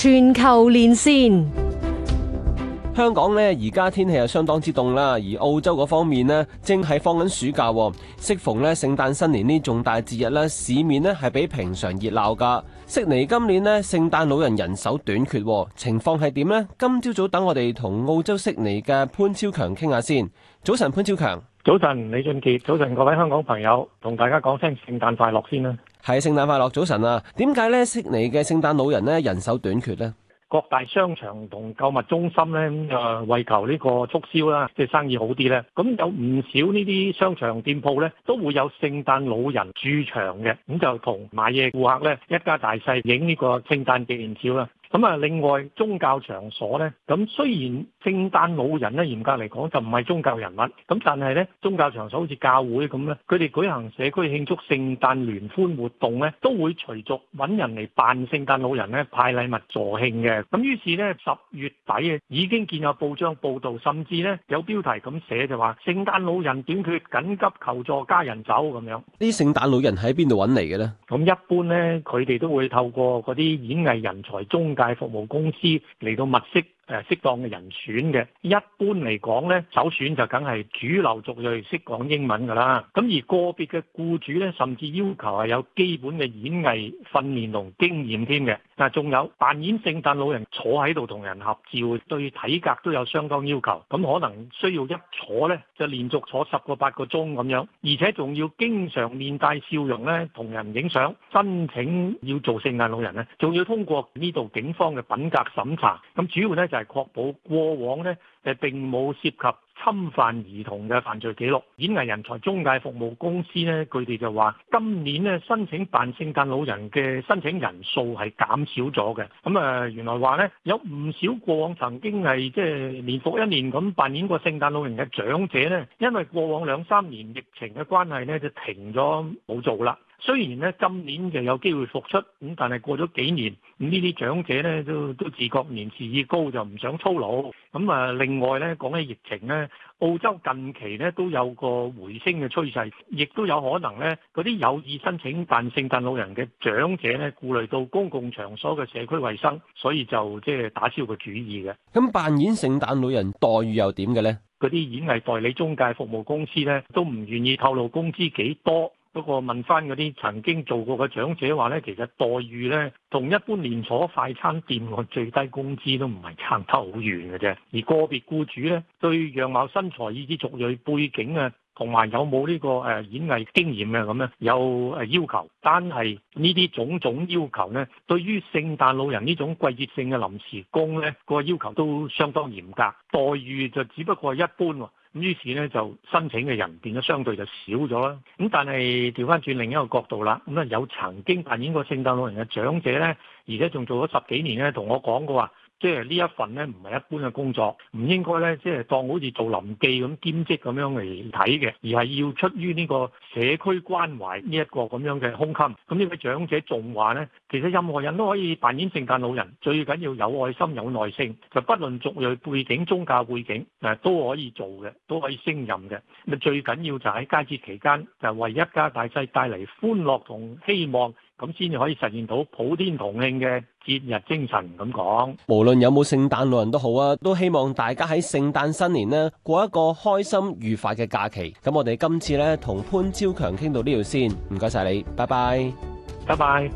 全球連線，香港咧而家天氣又相當之凍啦，而澳洲嗰方面咧正係放緊暑假，適逢咧聖誕新年呢重大節日咧，市面咧係比平常熱鬧噶。悉尼今年咧聖誕老人人手短缺，情況係點呢？今朝早等我哋同澳洲悉尼嘅潘昭強傾下先。早晨，潘昭強。早晨，李俊傑。早晨，各位香港朋友，同大家講聲聖誕快樂先啦。係聖誕快樂，早晨啊！點解咧？悉尼嘅聖誕老人咧，人手短缺咧？各大商場同購物中心咧，咁誒為求呢個促銷啦，即係生意好啲咧，咁有唔少呢啲商場店鋪咧，都會有聖誕老人駐場嘅，咁就同買嘢顧客咧，一家大細影呢個聖誕紀念照啦。咁啊，另外宗教場所咧，咁雖然聖誕老人咧嚴格嚟講就唔係宗教人物，咁但係咧宗教場所好似教會咁咧，佢哋舉行社區慶祝聖誕聯歡活動咧，都會隨逐揾人嚟扮聖誕老人咧派禮物助興嘅。咁於是咧十月底啊，已經見有報章報道，甚至咧有標題咁寫，就話聖誕老人點佢緊急求助家人走咁樣，呢啲聖誕老人喺邊度揾嚟嘅咧？咁一般咧，佢哋都會透過嗰啲演藝人才中。大服務公司嚟到物色誒、呃、適當嘅人選嘅，一般嚟講咧，首選就梗係主流族裔識講英文㗎啦。咁而個別嘅雇主咧，甚至要求係有基本嘅演藝訓練同經驗添嘅。嗱，仲有扮演聖誕老人坐喺度同人合照，對體格都有相當要求，咁可能需要一坐咧就連續坐十個八個鐘咁樣，而且仲要經常面帶笑容咧同人影相。申請要做聖誕老人咧，仲要通過呢度警方嘅品格審查，咁主要咧就係確保過往咧誒並冇涉及。侵犯兒童嘅犯罪記錄，演藝人才中介服務公司呢，佢哋就話今年呢申請扮聖誕老人嘅申請人數係減少咗嘅。咁、嗯、啊，原來話呢，有唔少過往曾經係即係年復一年咁扮演過聖誕老人嘅長者呢，因為過往兩三年疫情嘅關係呢，就停咗冇做啦。雖然咧今年就有機會復出，咁但係過咗幾年，咁呢啲長者咧都都自覺年事已高，就唔想操勞。咁啊，另外咧講起疫情咧，澳洲近期咧都有個回升嘅趨勢，亦都有可能咧嗰啲有意申請扮聖誕老人嘅長者咧，顧慮到公共場所嘅社區衞生，所以就即係打消個主意嘅。咁扮演聖誕老人待遇又點嘅咧？嗰啲演藝代理中介服務公司咧，都唔願意透露工資幾多，多。不過問翻嗰啲曾經做過嘅長者話呢，其實待遇呢，同一般連鎖快餐店嘅最低工資都唔係差得好遠嘅啫。而個別僱主呢，對樣貌、身材、以至族裔背景啊，同埋有冇呢個誒演藝經驗啊咁呢有誒要求，但係呢啲種種要求呢，對於聖誕老人呢種季節性嘅臨時工呢，個要求都相當嚴格，待遇就只不過係一般喎。咁於是咧就申請嘅人變咗相對就少咗啦。咁但係調翻轉另一個角度啦，咁啊有曾經扮演過聖誕老人嘅長者咧，而且仲做咗十幾年咧，同我講過話。即係呢一份呢，唔係一般嘅工作，唔應該呢，即係當好似做臨記咁兼職咁樣嚟睇嘅，而係要出於呢個社區關懷呢一個咁樣嘅胸襟。咁呢位長者仲話呢，其實任何人都可以扮演聖誕老人，最緊要有愛心、有耐性，就不論族裔背景、宗教背景，誒都可以做嘅，都可以升任嘅。咪最緊要就喺佳節期間，就係為一家大細帶嚟歡樂同希望。咁先至可以實現到普天同慶嘅節日精神，咁講。無論有冇聖誕老人都好啊，都希望大家喺聖誕新年呢過一個開心愉快嘅假期。咁我哋今次呢，同潘昭強傾到呢度先，唔該晒你，拜拜，拜拜。